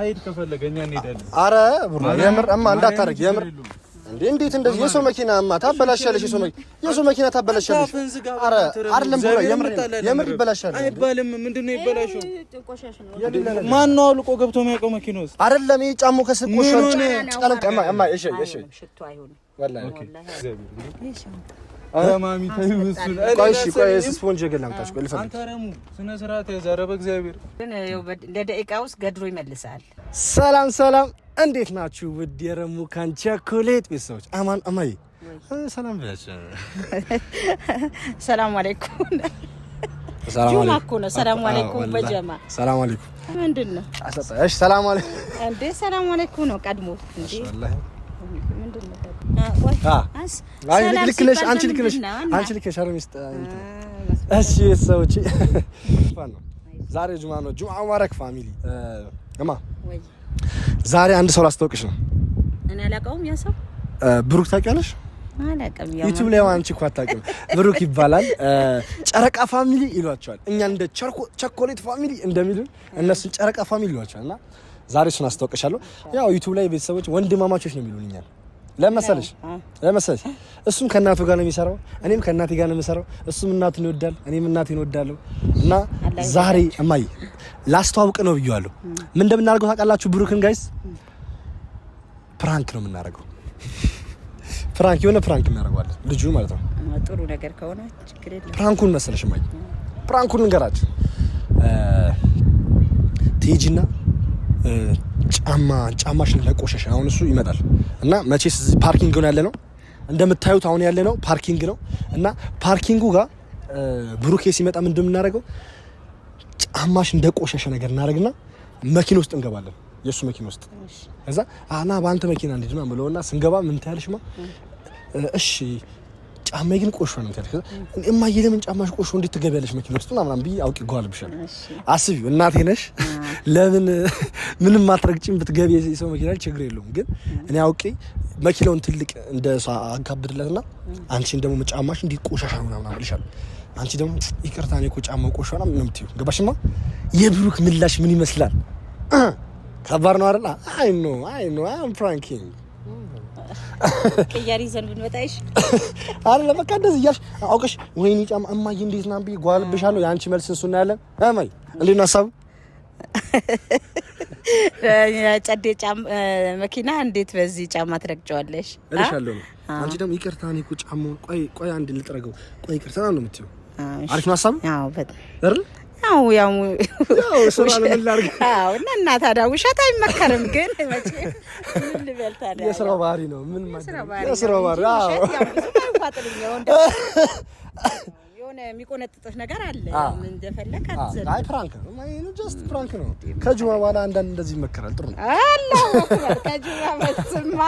አይድ ከፈለገ እኛ እንሄዳለን። ኧረ ቡራ የምር እማ እንዳታረግ የምር እንዴ! እንዴት እንደዚህ የሰው መኪና እማ ታበላሻለሽ። የሰው መኪና የሰው መኪና ታበላሻለሽ። አረ አይደለም ቡራ የምር የምር ይበላሻል አይባልም። ምንድን ነው ይበላሽው? ማን ነው አልቆ ገብቶ የሚያውቀው መኪና ውስጥ? አይደለም ይሄ ጫሙ ከስር ቆሻሻ ጫለም ቀማ እማ እሺ፣ እሺ፣ እሺ፣ ወላሂ ኧረ ማሚ ተይው ቆይ ስፖንጅ ግን ላምጣሽ። ቆይ ልፈልግ። አንተ ረሙ ስነ ስርዓት ያዝ። ኧረ በእግዚአብሔር ግን ለደቂቃ ውስጥ ገድሮ ይመልሳል። ሰላም ሰላም፣ እንዴት ናችሁ ውድ የረሙ ካን ቸኮሌት ቤተሰቦች? አማን አማይ ሰላም ብያቸው። ሰላም አለይኩም ሰላም አለይኩም ሰላም አለይኩም በጀማ ሰላም አለይኩም ምንድን ነው? ሰላም አለይኩም ነው ቀድሞ ልክ ነሽ አንቺ ልክ ነሽ አንቺ ልክ ነሽ። እሺ ሰዎች ዛሬ ጁማ ነው። ጁማ ሙባረክ ፋሚሊ። እማ ዛሬ አንድ ሰው ላስተዋውቅሽ ነው። እኔ አላውቀውም። ያ ሰው ብሩክ ታውቂያለሽ? ዩቱብ ላይ አንቺ እኮ አታውቂም። ብሩክ ይባላል። ጨረቃ ፋሚሊ ይሏቸዋል። እኛ እንደ ቸኮሌት ፋሚሊ እንደሚሉን እነሱን ጨረቃ ፋሚሊ ይሏቸዋል። እና ዛሬ እሱን አስተዋውቅሻለሁ። ያው ዩቱብ ላይ ቤተሰቦች ወንድማማቾች ነው የሚሉን እኛን ለመሰለሽ ለመሰለሽ እሱም ከእናቱ ጋር ነው የሚሰራው፣ እኔም ከእናቴ ጋር ነው የሚሰራው። እሱም እናቱን ይወዳል፣ እኔም እናቴን እወዳለሁ። እና ዛሬ እማዬ ላስተዋውቅ ነው ብየዋለሁ። ምን እንደምናደርገው ታውቃላችሁ? ብሩክን ጋይስ ፕራንክ ነው የምናደርገው። ፕራንክ የሆነ ፕራንክ እናደርገዋለን፣ ልጁ ማለት ነው። ጥሩ ነገር ከሆነ ችግር የለም። ፕራንኩን መሰለሽ እማዬ፣ ፕራንኩን ንገራችሁ ትሄጂና ጫማ ጫማሽን ለቆሸሽ አሁን እሱ ይመጣል እና መቼስ እዚህ ፓርኪንግ ነው ያለ ነው እንደምታዩት አሁን ያለ ነው ፓርኪንግ ነው እና ፓርኪንጉ ጋር ብሩኬ ሲመጣ ምንድን የምናደርገው ጫማሽ እንደ ነገር እናደርግና መኪና ውስጥ እንገባለን የእሱ መኪና ውስጥ እዛ አና በአንተ መኪና እንሂድ ነው ብለውና ስንገባ ምን ማ እሺ ጫማ ግን ቆሾ ነው ታልከ እማዬ ለምን ጫማሽ ቆሾ እንዴት ትገቢያለሽ መኪና ውስጥ ምናምን ብዬ አውቄ ጓል ብሻለሁ አስቢው እናቴ ነሽ ለምን ምንም ማትረግጭም ብትገቢ የሰው መኪና ችግር የለውም። ግን እኔ አውቄ መኪናውን ትልቅ እንደ እሷ አጋብድለትና አንቺን ደግሞ መጫማሽ እንዲህ ቆሻሻ ምናምን አልልሻለሁ። አንቺ ደግሞ ይቅርታ እኔ እኮ ጫማው ቆሻሻ ነው ምናምን የምትይው ገባሽማ። የብሩክ ምላሽ ምን ይመስላል? ከባድ ነው አይደል? አይ ኖ አይ ኖ አይ አም ፍራንኪንግ ቅያሪ ይዘን ብንመጣሽ አለ በቃ እንደዚህ እያልሽ አውቀሽ ወይኔ ጫማ እማዬ እንዴት ና ብዬ ጓልብሻለሁ። የአንቺ መልስ እሱና ያለን እመይ እንዴት ነው ሀሳቡ? ጨዴ መኪና እንዴት በዚህ ጫማ ትረግጨዋለሽ? እልሻለሁ። አንቺ ደግሞ ይቅርታ፣ እኔ እኮ ጫማውን ቆይ ቆይ አንድ ልጥረገው፣ ቆይ ይቅርታ ነው የምትይው። አሪፍ ነው ሀሳቡ። አዎ በጣም አይደል? አዎ ያው እና እና ታዲያ ውሸት አይመከርም፣ ግን የስራው ባህሪ ነው። ምን የስራው ባህሪ? የሆነ ነገር አለ። እንደፈለክ አትዘል። አይ ፍራንክ ነው ጀስት ፍራንክ ነው። ከጁማ በኋላ አንዳንድ እንደዚህ ይመከራል። ጥሩ ነው አላ ከጁማ መስማ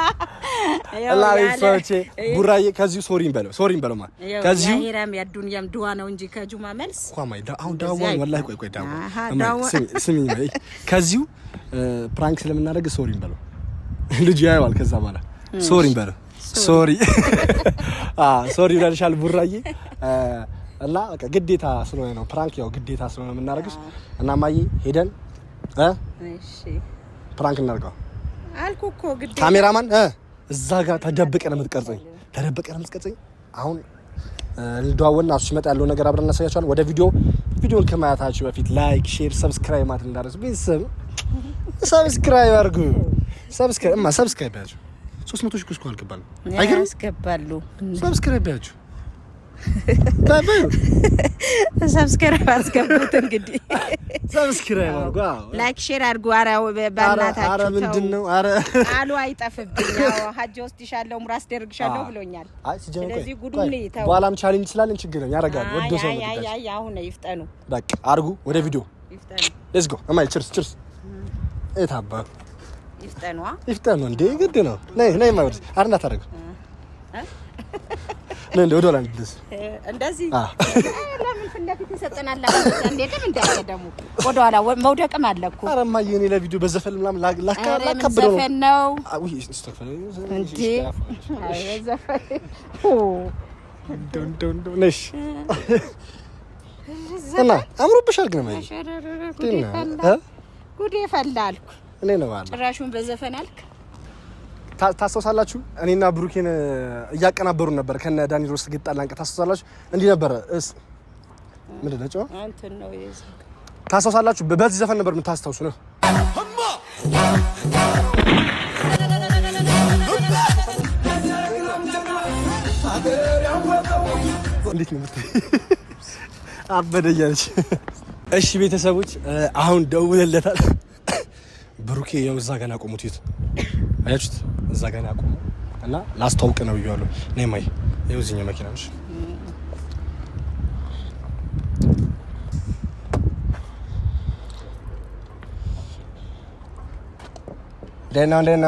አላ ይፈቼ ቡራዬ ከዚሁ ሶሪን በለው ሶሪን በለው ማለት ከዚሁ ያሄራም ያዱንያም ዱዋ ነው እንጂ ከጁማ መልስ ኳማይ አሁን ወላሂ ቆይ ቆይ ስሚ ከዚሁ ፕራንክ ስለምናደርግ ሶሪን በለው ልጅ ያየዋል። ከዛ በኋላ ሶሪን በለው ሶሪ ሶሪ ብለሻል ቡራዬ እና በቃ ግዴታ ስለሆነ ነው ፕራንክ፣ ያው ግዴታ ስለሆነ የምናደርግሽ እና ማዬ ሄደን እ እሺ ፕራንክ እናድርገው አልኩህ እኮ ግዴታ። ካሜራማን እ እዛ ጋር ተደብቀን የምትቀርጸኝ ተደብቀን የምትቀርጸኝ አሁን ልደዋወልና እሱ ሲመጣ ያለው ነገር አብረን እናሳያቸዋለን። ወደ ቪዲዮ ቪዲዮን ከማያታችሁ በፊት ላይክ፣ ሼር፣ ሰብስክራይብ ማለት እንዳደረሱ ቤተሰብ ሰብስክራይብ አድርጉ። ሰብስክራይብ እማ ሰብስክራይብ ያችሁ ሶስት መቶ ሺህ እኮ አልገባንም። አይገርም? ሰብስክራይብ ያችሁ ሰብስክራይብ አስገቡት። እንግዲህ ሰብስክራይብ አድርጉ፣ ላይክ ሼር አድርጉ። ኧረ በእናታችሁ ኧረ ምንድን ነው አሉ አይጠፍብኝ። ሀጅ ወስድሻለሁ፣ ሙራ አስደርግሻለሁ ብሎኛል። ስለዚህ ጉዱም ተው። በኋላም ቻሌንጅ ስላለን ችግር ነው ያደርጋሉ። ወደ ሰው አሁን ይፍጠኑ፣ በቃ አድርጉ። ወደ ቪዲዮ ሌትስ ጎ። እማዬ ችርስ ችርስ። የት ይፍጠኑ፣ ይፍጠኑ። እንዴ ግድ ነው። ነይ ነይ፣ ማይወርድ አርናት አደረገው ለለ ወደ ኋላ ልደስ እንደዚህ ለምን ወደ ኋላ መውደቅም አለኩ ለቪዲዮ በዘፈን ምናምን ላካ ነው ነው አይ ዘፈን እና አምሮብሻል ግን ማለት ነው። ጉዴ ፈላልኩ እኔ ነው ጭራሹን በዘፈን አልክ ታስታውሳላችሁ እኔና ብሩኬን እያቀናበሩ ነበር ከነ ዳኒ ሮስ ግጣላንቀ ታስታውሳላችሁ። እንዲህ ነበረ ምንድን ነው ታስታውሳላችሁ። በዚህ ዘፈን ነበር የምታስታውሱ ነው። እንዴት ነው አበደ እያለች እሺ፣ ቤተሰቦች አሁን ደውለለታል ብሩኬ። ያው እዛ ገና ቆሙት የት አያችሁት? እዛ ጋር ያቆሙ እና ላስተዋውቅ ነው ብያለሁ። ነይ ማይ፣ ይኸው እዚህኛው መኪና ነች። ደህና ደህና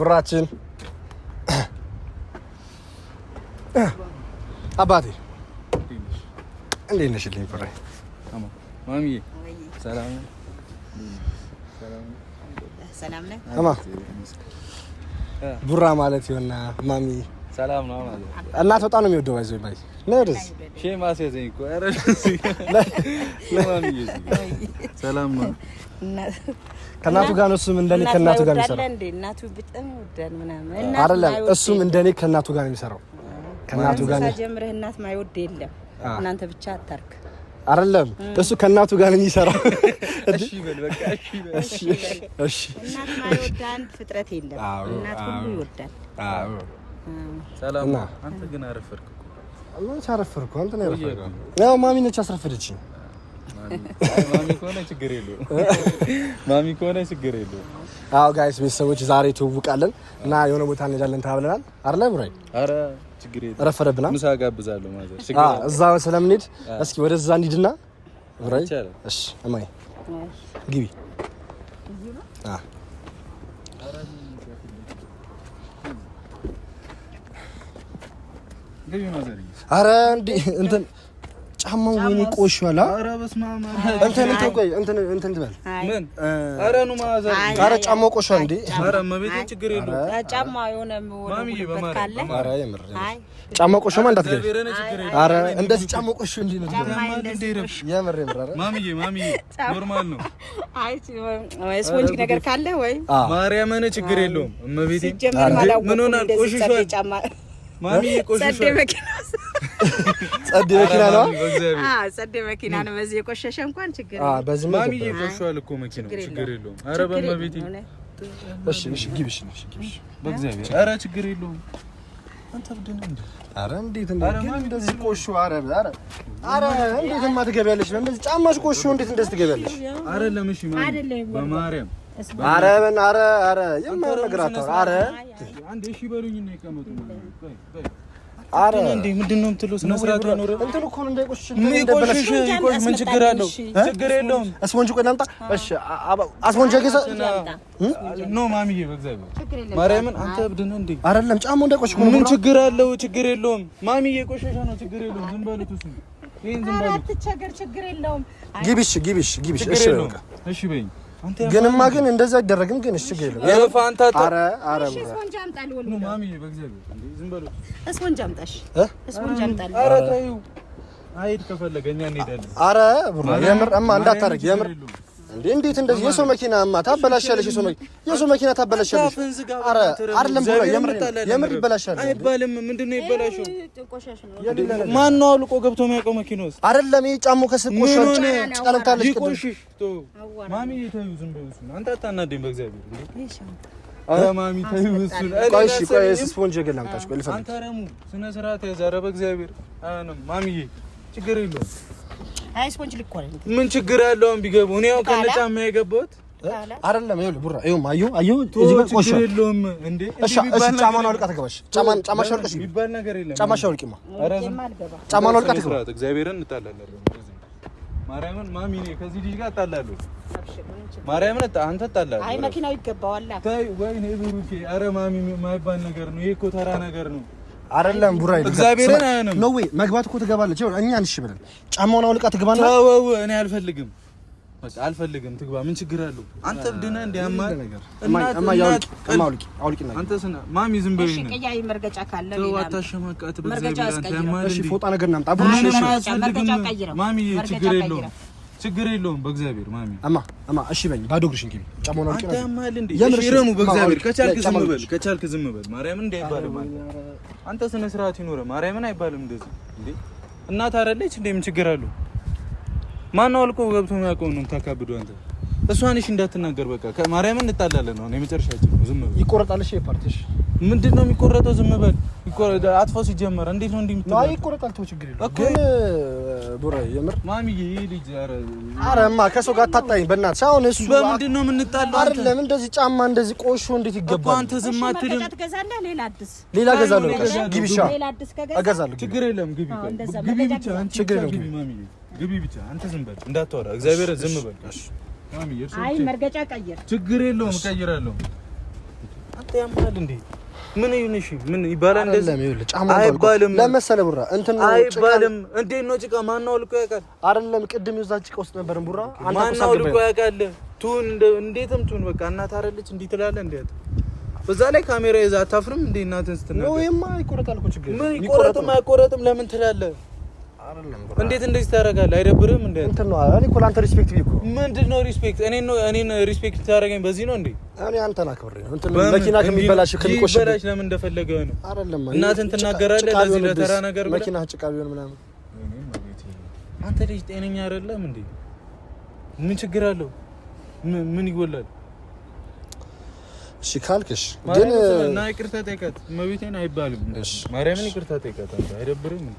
ብራችን አባቴ እንዴት ነሽልኝ? ብራ ማሚዬ ሰላም ሰላም ቡራ ማለት ይሆና ማሚ ሰላም ነው ማለት እናት በጣም ነው የሚወደው። አይዞህ ባይ ነርስ ሼ ሼማ ሲያዘኝ እኮ ኧረ ሰላም ነው። ከእናቱ ጋር ነው። እሱም እንደኔ ከእናቱ ጋር ነው የሚሰራው። አይደለም እሱም እንደኔ ከእናቱ ጋር ነው የሚሰራው። ከእናቱ ጋር ጀምረህ እናት ማይወድ የለም። እናንተ ብቻ አታርክ አይደለም እሱ ከእናቱ ጋር ነው የሚሰራው። እሺ በል በቃ እሺ እሺ። እናት ፍጥረት የለም። እናት ሁሉ ይወዳል። አዎ ሰላም። አንተ ግን አረፈርክ እኮ አንተ ነው ያው ማሚ ነች ማሚ ከሆነ ችግር የለውም። ማሚ ከሆነ ችግር አዎ ጋይስ ቤተሰቦች ዛሬ ትውውቃለን እና የሆነ ቦታ እንሄዳለን ታብለናል። አይደል ብራይ? ረፈደብና ምሳ ጋብዛለሁ ማለት ነው። እዛ ስለምንሄድ እስኪ ወደዛ እንሂድና ብራይ። እሺ እማዬ ግቢ። አዎ ኧረ እንትን ጫማው ወይኔ ቆሽዋላ። ኧረ ቆይ ምን? ማዘር ጫማው ቆሽዋል እንዴ! ኧረ መቤቴ ችግር የለውም ጫማው የሆነ የምር ጫማው እንደዚህ ጫማው ቆሽ እንዴ ነው የምር የምር። አረ ማሚዬ ማሚዬ ኖርማል ነው። አይ ስፖንጅ ነገር ካለ ወይ ማርያምን ችግር የለውም መቤቴ ምን ሆናል? ቆሽሽዋል ጫማ ማሚዬ ቆሽሽዋል ጸድ መኪና ነው። ጸድ መኪና ነው። በዚህ የቆሸሸ እንኳን ችግር የለውም። በዚህ ማሚ ቆሸዋል እኮ ችግር እሺ፣ እሺ፣ እሺ፣ በእግዚአብሔር። ችግር አንተ እንዴ! እንዴት ግን እንደዚህ ቆሾ? እንዴት ጫማሽ ቆሾ እንዴት ለምሽ ማሚ በማርያም አረ ኧረ የማይሆን ነገር አታወራ። ኧረ አንዴ እሺ በሉኝና ይቀመጡ አረ ችግር አለው? ችግር የለውም። አስፖንጅ ቆይ ላምጣ። አይደለም ጫማው እንዳይቆሽሽ። ምን ችግር አለው? ችግር የለውም ማሚዬ፣ ቆሻሻ ነው። ችግር የለውም። ዝም በሉት እሱ ይሄን ዝም በሉት። አትቸገር፣ ችግር የለውም። ግቢሽ፣ ግቢሽ፣ ግቢሽ። እሺ በቃ እሺ በይኝ ግንማ ግን እንደዛ አይደረግም። ግን እሺ ገይሉ የፋንታ አረ አረ ስፖንጅ አምጣል ነው ማሚ በእግዚአብሔር እንዴ ዝም በሉ። ስፖንጅ አምጣሽ እ ስፖንጅ አምጣል። አረ ተይው አይድ ከፈለገ እኛ እንሄዳለን። አረ ብሩ የምር እማ እንዳታረግ የምር እንዴ እንዴት እንደዚህ የሰው መኪና ማ ታበላሻለሽ? የሰው መኪና የሰው መኪና ታበላሻለሽ። አረ አይደለም ብሎ የምር የምር ይበላሻል አይባልም። ምንድነው ይበላሽው? ማን ነው አልቆ ገብቶ የሚያውቀው መኪና ውስጥ? አይደለም ይሄ ጫሞ ከስር ቆሻሻ ጫለምታለሽ። ቆሽሽ ቶ ማሚ ይተዩ ዝም ብሎ እሱን አንተ አታናደኝ በእግዚአብሔር እንዴ አረ ማሚ ተይው እሱን። ቆይ እሺ፣ ቆይ ስፖንጅ ገል ላምጣሽ። ቆይ ልፈልግ። አንተ ረሙ ስነ ስርዓት ያዝ። አረ በእግዚአብሔር አሁንም ማሚዬ ችግር የለውም ምን ችግር አለው? ቢገቡ እኔ ያው ከነ ጫማ የገባሁት አይደለም። ይኸውልህ ቡራ፣ ይኸው አየሁ፣ አየሁ። እዚህ ጋር ቆሽ የለውም እንዴ? እሺ፣ እሺ። ጫማን አውልቃ ተገባሽ። ጫማን ጫማሽ አውልቀሽ ይባል ነገር የለም። ጫማሽ አውልቂማ። ጫማን አውልቃ ተገባ። እግዚአብሔርን እንጣላለን። ማርያምን ማሚ፣ እኔ ከዚህ ልጅ ጋር እጣላለሁ። ማርያምን አንተ እጣላለሁ። አይ መኪናው ይገባዋል። ታይ ወይ ነው ብሩኬ። ኧረ ማሚ፣ የማይባል ነገር ነው ይሄ እኮ ተራ ነገር ነው። አይደለም ቡራ እግዚአብሔርን አያንም ነው ወይ መግባት እኮ ትገባለች። እኛ አንሽ ብለን ጫማውን አውልቃ ትግባና ተው። እኔ አልፈልግም፣ በቃ አልፈልግም። ትግባ፣ ምን ችግር አለው? አንተ ብድና እንደ አማ አማ ያውልቅ አማ አውልቅ አንተ ስና ማሚ ዝም ብለኝ ነው። እሺ ቀያይ መርገጫ ካለ ነው እሺ ፎጣ ነገር እናምጣ እሺ ማሚ ችግር ችግር የለውም። በእግዚአብሔር ማሚ አማ አማ እሺ በኝ ባዶ እግርሽን ግቢ። ጫማውን አውልቂ። አንተ አማል እንዴ ይረሙ። በእግዚአብሔር ከቻልክ ዝም በል፣ ከቻልክ ዝም በል። ማርያም እንዴ አይባልም። አንተ ስነ ስርዓት ይኖረ ማርያምን አይባልም እንደዚህ እንዴ። እናት አረለች እንዴ? ምን ችግር አለው? ማን አልቆ ገብቶ የሚያውቀው ነው የምታካብዱ አንተ እሷን እሺ እንዳትናገር በቃ ከማርያም እንጣላለን ነው። የመጨረሻችን ነው። ዝም በል ይቆረጣል። እሺ ፓርቲሽ ነው የሚቆረጠው? ዝም በል አጥፋው። ሲጀመር እንዴት ነው እንዲህ የምትለው? አይ ይቆረጣል። ተው ችግር የለም ግን ቡራ የምር ማሚዬ ልጅ ኧረ ኧረ እማ ከሰው ጋር አታጣኝ በእናትሽ። አሁን እሱ በምንድን ነው የምንጣለው? አይደለም እንደዚህ ጫማ እንደዚህ ቆሾ እንዴት ይገባል? አንተ ዝም አትልም። ትገዛለህ። ሌላ አዲስ ሌላ እገዛለሁ። ግቢ ሻ እገዛለሁ። ችግር የለም ግቢ ግቢ ብቻ አንቺ ችግር የለም ግቢ ማሚዬ ግቢ ብቻ አንተ ዝም በል እንዳትወራ እግዚአብሔር ዝም በል እሺ አይ መርገጫ ቀይር፣ ችግር የለውም እቀይራለሁ። አንተ ያምናል እንዴ? ምን ይሁንሽ? ምን ይባላል? እንደዚህ አይባልም። ለመሰለ ቡራ እንትን አይባልም። እንዴት ነው ጭቃ ማን አውልቆ ያውቃል? አይደለም ቅድም እዛ ጭቃ ውስጥ ነበር ቡራ። ማን አውልቆ ያውቃል? ቱን እንዴትም ቱን በቃ እናት አይደለች እንዲህ ትላለህ። እንዴት በዛ ላይ ካሜራ ይዛ አታፍርም እንዴ? እናትን ስትናገር ነው የማይቆረጥ አልኩ። ችግር ምን ይቆረጥም አይቆረጥም ለምን ትላለህ? እንዴት እንደዚህ ታደርጋለህ? አይደብርም? እንደ እንትን ነው። እኔ እኮ ለአንተ ሪስፔክት ቢኩ ምንድን ነው ሪስፔክት? እኔ ነው እኔን ሪስፔክት ታደርገኝ በዚህ ነው እንዴ? እኔ አንተን አክብሬ ነው። እንትን መኪና ከሚበላሽ ከሚቆሽ ይበላሽ ለምን እንደፈለገ ነው አይደለም። እናትን ትናገራለህ ለዚህ ለተራ ነገር መኪና ጭቃ ቢሆን ምናምን። አንተ ልጅ ጤነኛ አይደለም እንዴ? ምን ችግር አለው? ምን ይጎላል? እሺ ካልክሽ ግን እና ይቅርታ ጠይቃት። መቤቴን አይባልም። ማርያምን ይቅርታ ጠይቃት። አይደብርም እንዴ?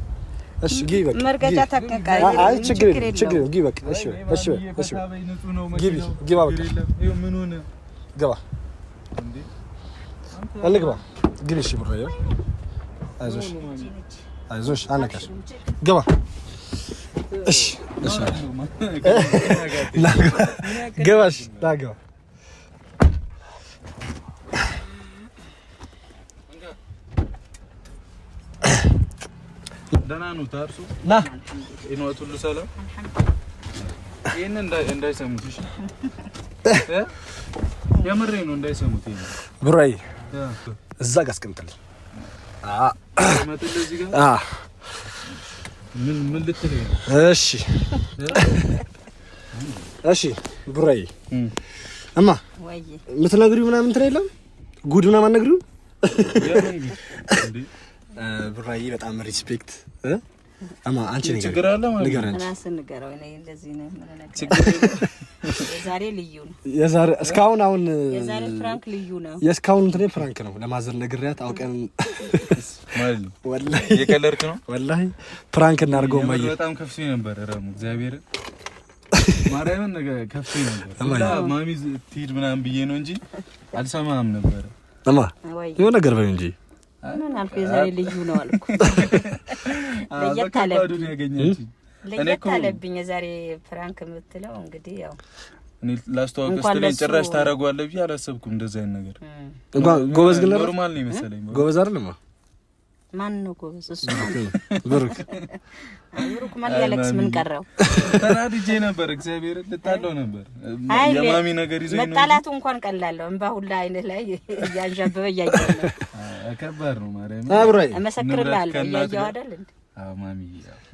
እሺ ግቢ በቃ መርገጫ ታቀቃ አይ ችግር የለም ችግር የለም ግቢ በቃ እሺ እሺ እሺ ግቢ ግባ በቃ ምኑን ግባ አልግባ ግቢ እሺ ብራየ አይዞሽ አይዞሽ አለቀሽ ግባ እሺ እሺ ግባሽ ዳግባ ደህና ነው ታርሱ ና ሁሉ ሰላም እንዳይሰሙት እሺ የምሬ ነው እንዳይሰሙት ብራይ እዛ ጋር አስቀምጥልኝ ምን ምን እሺ እሺ እማ የምትነግሪው ምናምን እንትን የለም ጉድ ምናምን አትነግሪው ብራዬ በጣም ሪስፔክት አማ አንቺ ነገር አለ ማለት ነው። እንደዚህ ነው የዛሬ ልዩ ነው። የዛሬ እስካሁን አሁን የዛሬ ፍራንክ ልዩ ነው። የእስካሁን እንትን ፍራንክ ነው። ለማዘር ነግሬያት አውቀን ማለት ነው። የቀለድክ ነው። ወላሂ ፍራንክ እናድርገው። ማየ በጣም ከፍቶኝ ነበር። ረሙ እግዚአብሔር ማርያምን ነገር ከፍቶኝ ነበር። ማሚ ትሂድ ምናምን ብዬ ነው እንጂ አልሰማም ነበር። አማ የሆነ ነገር በይ እንጂ ምን አልኩ? የዛሬ ልዩ ነው አልኩ። ለየት አለብኝ ለየት አለብኝ የዛሬ ፍራንክ የምትለው እንግዲህ ያው ላስተዋወቅ ጭራሽ ታደርገዋለህ ብዬ አላሰብኩም። እንደዚህ አይነት ነገር ጎበዝ ግን ኖርማል ነው የመሰለኝ። ጎበዝ አይደለም። ማን ነው ጎበዝ? እሱ ብሩክ ብሩክ ማን ያለቅስ? ምን ቀረው? ተናድጄ ነበር። እግዚአብሔር ልጣለው ነበር። የማሚ ነገር ይዘኝ መጣላቱ እንኳን ቀላለሁ። እንባ ሁላ አይነት ላይ እያንዣበበ እያየ ነው ከባድ ነው ማለት ነው። አብራይ እመሰክርልሃለሁ። እያየሁ አይደል እንዴ? አዎ ማሚ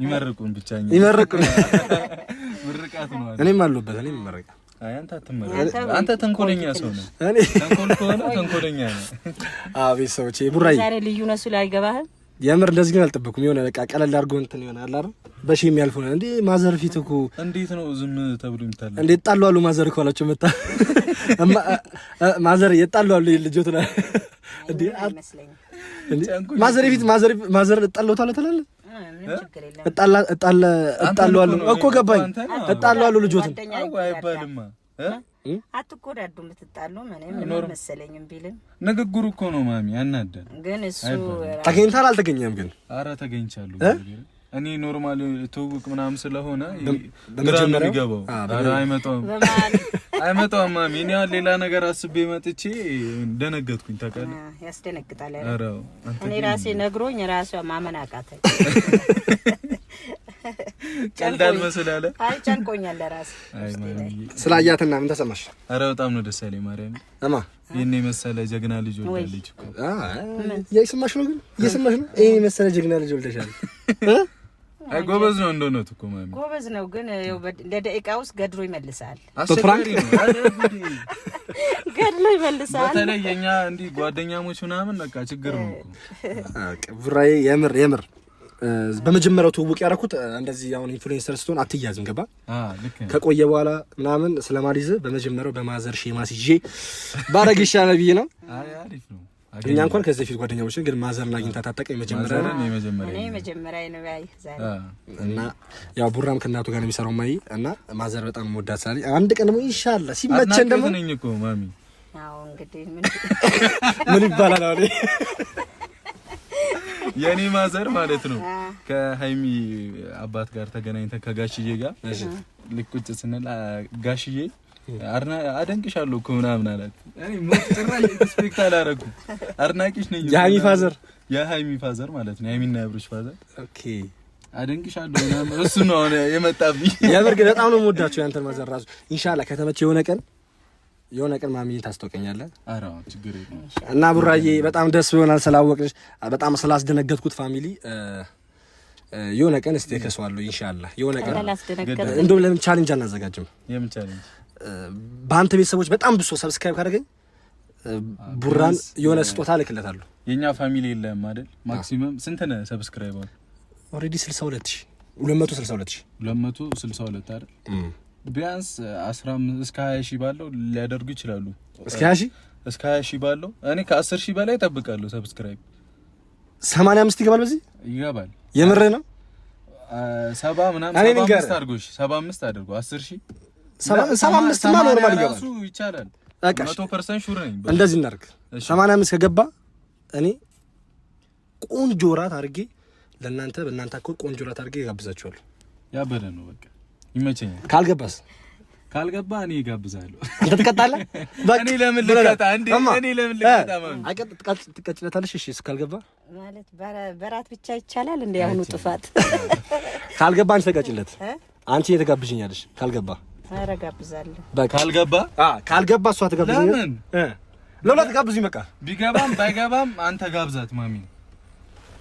ይመርቁን ብቻ ነው ይመርቁን። ምርቃት ነው አይደል? እኔም አለሁበት። እኔም መርቃ አንተ ተንኮለኛ ሰው ነህ። ተንኮል ከሆነ ተንኮለኛ ነህ። አዎ ቤተሰቦቼ ቡራዬ ዛሬ ልዩ ነው። ነሱ ላይ አይገባህ። የምር እንደዚህ ግን አልጠበኩም። የሆነ በቃ ቀለል አድርጎ እንትን ይሆናል አይደል? በሺ የሚያልፉ ነው እንዴ? ማዘር ፊት እኮ እንዴት ነው ዝም ተብሎ ይታለ? እንዴት ጣሉ አሉ ማዘር እኮ አላቸው መጣ ማዘር የጣሉ አሉ ልጆት ነው ማዘር ፊት ማዘር እጣለታለሁ ትላለህ። እጣለዋለሁ እኮ ገባኝ። እጣለዋለሁ ልጆትን አትጎዳዱ የምትጣሉ ምንም መሰለኝም ቢልም ንግግሩ እኮ ነው ማሚ አናደን ግን እሱ ተገኝታል አልተገኘም? ግን ኧረ ተገኝቻለሁ እኔ ኖርማል ትውውቅ ምናምን ስለሆነ ግራ ነው አይመጣም አይመጣም ማሚ። እኔ ሌላ ነገር አስቤ መጥቼ ደነገጥኩኝ። ታውቃለህ፣ ያስደነግጣል። እኔ ራሴ ነግሮኝ ራሷ ማመን አቃተኝ። ቀልዳል መስል አለ። አይ ጨንቆኛል ለራሴ ስላያትና ምን ተሰማሽ? ኧረ በጣም ነው ደስ ያለኝ ማርያም። እማ ይሄን የመሰለ ጀግና ልጅ ወልዳለች እኮ። አይ እየሰማሽ ነው ግን እየሰማሽ ነው። ይሄን የመሰለ ጀግና ልጅ ወልደሻል። ጎበዝ ነው እንደሆነ እኮ ማሚ ጎበዝ ነው፣ ግን ለደቂቃ ውስጥ ገድሎ ይመልሳል። አስቸጋሪ ነው ገድሎ ይመልሳል። በተለይ የኛ እንዲህ ጓደኛሞች ምናምን በቃ ችግር ነው እኮ ብራዬ። የምር የምር በመጀመሪያው ትውውቅ ያደረኩት እንደዚህ አሁን ኢንፍሉዌንሰር ስትሆን አትያዝም፣ ገባ ከቆየ በኋላ ምናምን ስለማልይዝ በመጀመሪያው በማዘር ሼማስ ይዤ ባረግ ይሻላል ብዬ ነው። አሪፍ ነው እኛ እንኳን ከዚህ በፊት ጓደኛሞች ግን ማዘርን አግኝታ ታጠቀ የመጀመሪያ ነው እና ያው ቡራም ከእናቱ ጋር የሚሰራው ማይ እና ማዘር በጣም ወዳት ስላለኝ አንድ ቀን ደግሞ ይሻለ ሲመቸን ደግሞ ማሚ ምን ይባላል አሁ የእኔ ማዘር ማለት ነው ከሀይሚ አባት ጋር ተገናኝተን ከጋሽዬ ጋር ልክ ቁጭ ስንል ጋሽዬ አደንቅሻለሁ እኮ ምናምን አላት። እኔ ሞት ጭራሽ ኤክስፔክት አላደረኩም። አድናቂሽ ነኝ። የሀይሚ ፋዘር የሀይሚ ፋዘር ማለት ነው። የሀይሚና የአብርሽ ፋዘር። ኦኬ አደንቅሻለሁ ምናምን እሱ ነው አሁን የመጣብኝ። የምር ግን በጣም ነው የምወዳቸው ያንተን ማዘር ራሱ። ኢንሻአላ ከተመቸ የሆነ ቀን የሆነ ቀን ማሚዬ ታስታውቀኛለህ። ኧረ ችግር የለም። እና ቡራዬ በጣም ደስ ይሆናል ስላወቅሽ፣ በጣም ስላስደነገጥኩት ፋሚሊ የሆነ ቀን እስቴ ከሷለሁ ኢንሻአላ። የሆነ ቀን እንደውም ለምን ቻሌንጅ አናዘጋጅም? የምን ቻሌንጅ በአንተ ቤተሰቦች በጣም ብሶ ሰብስክራይብ ካደረገኝ ቡራን የሆነ ስጦታ ልክለታሉ። የእኛ ፋሚሊ የለም አይደል? ማክሲመም ስንት ነህ ሰብስክራይብ? ኦልሬዲ ስልሳ አይደል? ቢያንስ 15 እስከ 20 ሺህ ባለው ሊያደርጉ ይችላሉ። እስከ 20 ሺህ እስከ ሀያ ሺህ ባለው እኔ ከ10 ሺህ በላይ እጠብቃለሁ። ሰብስክራይብ 85 ይገባል። በዚህ ይገባል። የምር ነው። ሰባ ምናምን ሰባ አምስት አድርጎ አስር ሺህ ሰባ አምስት ማ ኖርማል ይገባል ይቻላል። እንደዚህ እናድርግ። ሰማንያ አምስት ከገባ እኔ ቆንጆ ራት አድርጌ ለእናንተ በእናንተ አኮር ቆንጆ ራት አድርጌ ጋብዛችኋለሁ። ያበደ ነው በቃ ይመቸኛል። ካልገባስ ካልገባ እኔ ጋብዛለሁ። አንተ ትቀጣለህ። እኔ ለምን ልቀጣ? እንዴ እኔ ለምን ልቀጣ? ትቀጭለታለሽ። እሺ እስካልገባ ማለት በራት ብቻ ይቻላል። እንደ ያሁኑ ጥፋት ካልገባ አንቺ ተቀጭለት። አንቺ የተጋብዥኛለሽ ካልገባ ካልገባ ካልገባ እሷ ትጋብዘኝ። ለሁለት ጋብዙኝ። በቃ ቢገባም ባይገባም አንተ ጋብዛት ማሚ።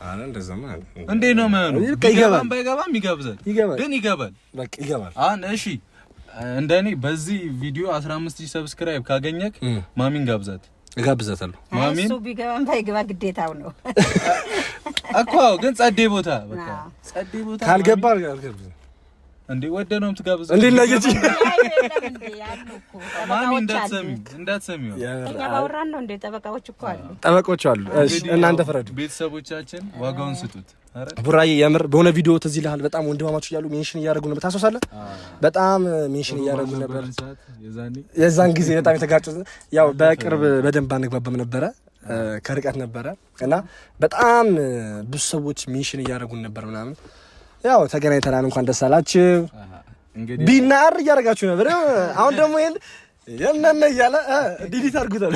አረ እንደዛማ እንዴት ነው የሚሆነው? ቢገባም ባይገባም ይጋብዛል። ግን ይገባል። በቃ ይገባል። አሁን እሺ እንደኔ በዚህ ቪዲዮ 15 ሰብስክራይብ ካገኘክ ማሚን ጋብዛት። እጋብዛታለሁ። ማሚን እሱ ቢገባም ባይገባ ግዴታው ነው እኮ ግን ጸዴ ቦታ በቃ ጸዴ ቦታ ካልገባ እንዴ ወደ ነው የምትጋብዘው? እንዴ ለየች ማሚ እንዳትሰሚ እንዳትሰሚ። እኛ ባወራን ነው እንዴ። ጠበቃዎች እኮ አሉ፣ ጠበቆች አሉ። እሺ እናንተ ፍረዱ። ቤተሰቦቻችን ዋጋውን ስጡት። ቡራዬ የምር በሆነ ቪዲዮ ትዝ ይልሃል። በጣም ወንድማማቾች እያሉ ሜንሽን እያደረጉ ነበር። ታስታውሳለህ? በጣም ሜንሽን እያደረጉ ነበር። የዛን ጊዜ በጣም የተጋጩት ያው በቅርብ በደንብ አንግባባም ነበረ ከርቀት ነበረ እና በጣም ብዙ ሰዎች ሜንሽን እያደረጉን ነበር ምናምን ያው ተገናኝተናል። እንኳን ደስ አላችሁ። ቢናር እያደረጋችሁ ነበር። አሁን ደግሞ ይሄን የነነ እያለ ዲዲት አድርጉታል።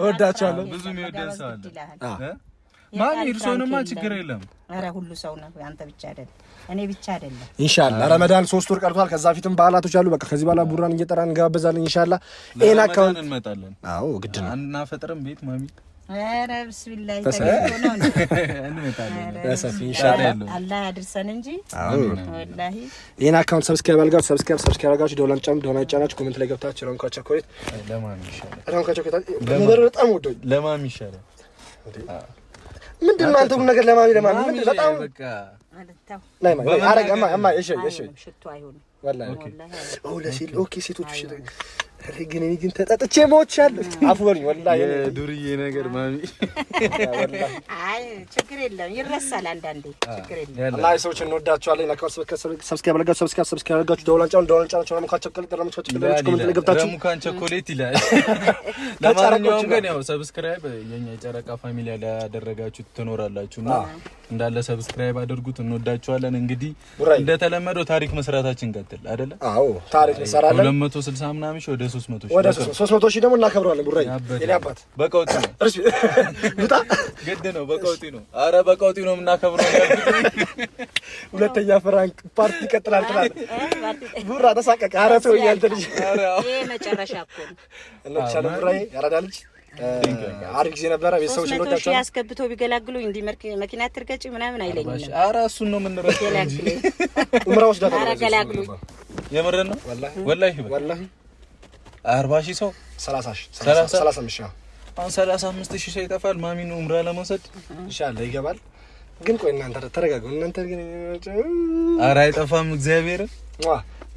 እወዳችኋለሁ። ብዙ የሚወደን ሰው አለ። ማሚ እርሶንማ ችግር የለም። አረ ሁሉ ሰው ነው። አንተ ብቻ አይደለም፣ እኔ ብቻ አይደለም። ኢንሻአላ ረመዳን ሶስት ወር ቀርቷል። ከዛ ፊትም በዓላቶች አሉ። በቃ ከዚህ በኋላ ቡራን እየጠራን እንጋበዛለን። ኢንሻአላ ይሄን አካውንት እንመጣለን። አዎ ግድ ነው። አናፈጥርም ቤት ማሚ አላህ ያድርሰን እንጂ ይህን አካውንት ሰብስክራይብ አድርጋችሁ ሰብስክራይብ ሰብስክራይብ አድርጋችሁ ደውላን ጫም ደውላን ጫናችሁ ኮሜንት ላይ ገብታችሁ ለማን ቸኮሌት በጣም ወዶኝ ለማሚ ይሻላል። ምንድን ነው አንተ ሁሉ ነገር ለማሚ ለማሚ በጣም ግን ተጠጥቼ እሞቻለሁ። አፉ ወላሂ ዱርዬ ነገር ማሚ። አይ ችግር የለም ይረሳል አንዳንዴ። ችግር የለም ሰዎች እንወዳቸዋለን። ሰብስክራይብ ሙካን ቸኮሌት ይላል። ለማንኛውም ግን ያው ሰብስክራይብ የኛ የጨረቃ ፋሚሊ እንዳለ ሰብስክራይብ አድርጉት። እንወዳቸዋለን እንግዲህ እንደተለመደው ታሪክ መስራታችን ጋር የምትል አይደለ? አዎ ታሪክ እንሰራለን። ወደ ወደ ሺህ ደግሞ እናከብረዋለን። ቡራዬ የኔ አባት በቀውጢ ነው ግድ ነው በቀውጢ ነው። አረ በቀውጢ ነው የምናከብረው። ሁለተኛ ፍራንክ ፓርቲ ይቀጥላል። ቡራ ተሳቀቀ። አረ መጨረሻ እኮ ነው። ልጅ አሪፍ ጊዜ ነበረ። ቤተሰቦች እንወዳቸው። ያስገብተው ቢገላግሉ እንዲህ መኪና ትርገጭ ምናምን አይለኝም። ኧረ እሱን ነው የምንረዳው። ኡምራ ወስዳት ገላግሉ። የምርን ነው ወላሂ ወላሂ። አርባ ሺህ ሰው ሰላሳ ሺህ አሁን ሰላሳ አምስት ሺህ ሰው ይጠፋል። ማሚኑ ኡምራ ለመውሰድ ኢንሻላህ ይገባል። ግን ቆይ እናንተ ተረጋጉ። እናንተ ግን ኧረ አይጠፋም እግዚአብሔርን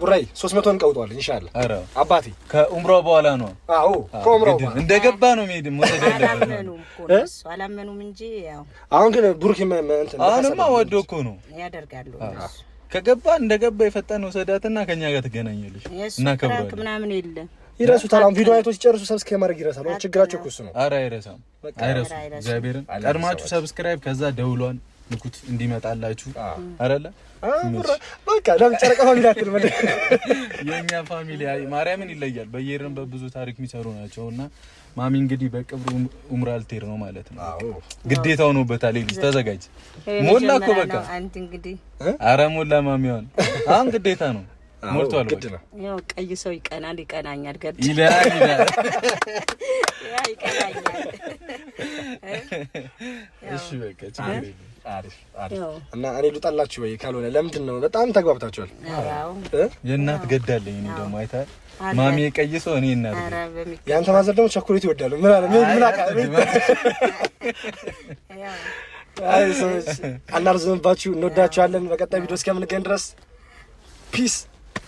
ቡራይ 300 እንቀውጠዋል። ኢንሻአላ አረ አባቴ ከኡምራ በኋላ ነው። አዎ ከኡምራ እንደገባ ነው የሚሄድ መውሰድ ያለበት። አላመኑም እንጂ ያው አሁን ግን ቡርኪ እንትን አሁንማ ወዶ እኮ ነው ያደርጋሉ። ከገባ እንደገባ የፈጣን ወሰዳትና ከኛ ጋር ትገናኛለች እና ከብራክ ምናምን የለም ይረሱታል። አሁን ቪዲዮ አይቶ ሲጨርሱ ሰብስክራይብ ማድረግ ይረሳል። ችግራቸው እኮ እሱ ነው። አረ አይረሳም፣ አይረሱ እግዚአብሔርን ቀድማችሁ ሰብስክራይብ ከዛ ደውሏን ልኩት እንዲመጣላችሁ አይደለ? በቃ ጨረቃ ፋሚሊ አትል የእኛ ፋሚሊ ማርያምን ይለያል። በየርን በብዙ ታሪክ የሚሰሩ ናቸው እና ማሚ እንግዲህ በቅብሩ ኡምራ ልትሄድ ነው ማለት ነው። ግዴታ ሆኖበታል። ልጅ ተዘጋጅ። ሞላ እኮ በቃ አረ ሞላ ማሚ ሆን አሁን ግዴታ ነው። ሞልቷል። ያው ቀይ ሰው ይቀናል፣ ይቀናኛል፣ ገድ ይላል ይላል እሺ በቃ ችግር የለም እና እኔ ልጣላችሁ ወይ? ካልሆነ ለምንድን ነው በጣም ተግባብታችኋል። የእናት ገዳለኝ እኔ ደግሞ አይታ ማሚ ቀይ ሰው እኔ እናት ያንተ ማዘር ደግሞ ቸኮሌት ይወዳሉ። ምን አለ ምን አቃ አናርዝምባችሁ። እንወዳችኋለን። በቀጣይ ቪዲዮ እስከምንገኝ ድረስ ፒስ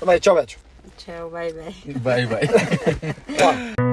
ባይ። ቻው ባያችሁ። ባይ ባይ ባይ ባይ